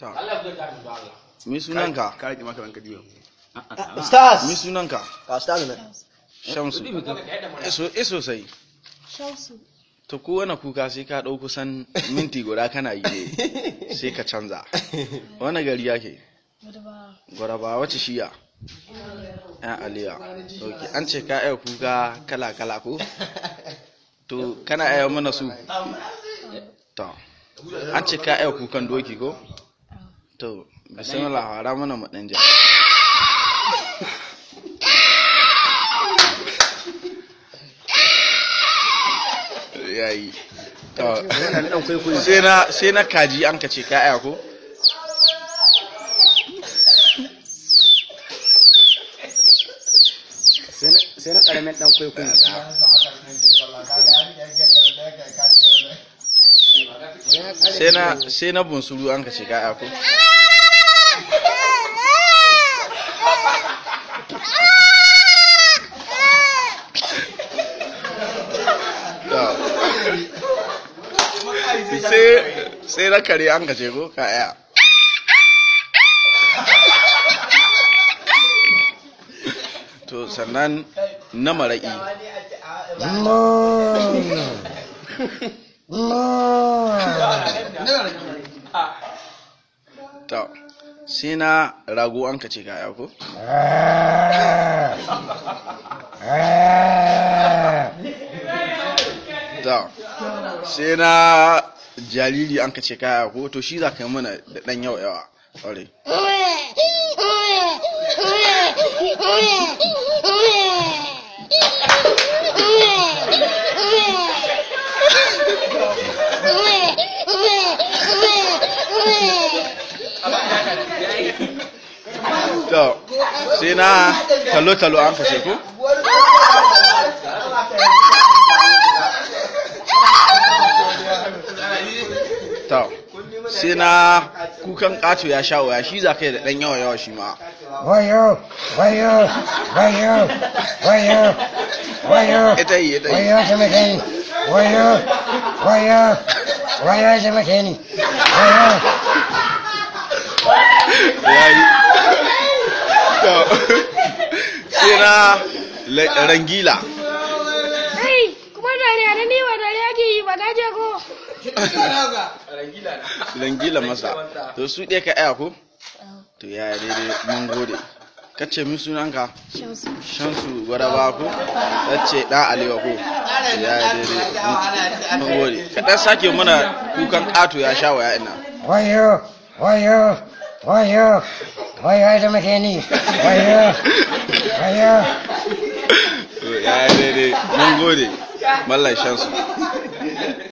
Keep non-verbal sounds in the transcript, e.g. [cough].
Allah ta mi sunanka ka rike maka ranka diwa ah, stars mi sunanka ka ah, stars ne shamsu eso eso sai shamsu to ko wani kuka sai ka ɗau kusan minti guda kana yi ne sai ka canza wani gari yake gwaraba wace shiya yan ah, aliya an ce ka iya kuka kala-kala ko to kana iya mana su to an ce ka iya kukan doki ko to bismillah hara mana mu dan ja [laughs] yayi sai na sai na kaji an kace ka aya ko sai na karamin dan kwaikwayo sai na bunsuru an ka shiga ka sai na kare an ka ko ka ya to sannan na mara'i ta [laughs] ah. sai rago an ka ce kaya ko ta sina jalili jariri an ka ce kaya ko to shi za ka yi mana da ɗan yawa yawa ƙwarai to sai na talo-talo an kashe ku to sai na kukan kato ya sha waya shi za ka yi da ɗan yawa-yawa shi ma wayo wayo wayo wayo wayo ita yi ita yi wayo kama kai wayo wayo wayo kama kai wayo wa? kuma yi gaje ko. rangila masa to su dai ka aya ko to ya daidai mun gode ka ce min sunanka shansu shansu gwada ba ko ta ce ɗan alewa ko ya daidai mun gode ka ɗan sake mana kukan ƙato ya sha wa ina wayo wayo wayo wayo da mutane wayo aya [laughs] ya ya daidai mun gode mallan shansu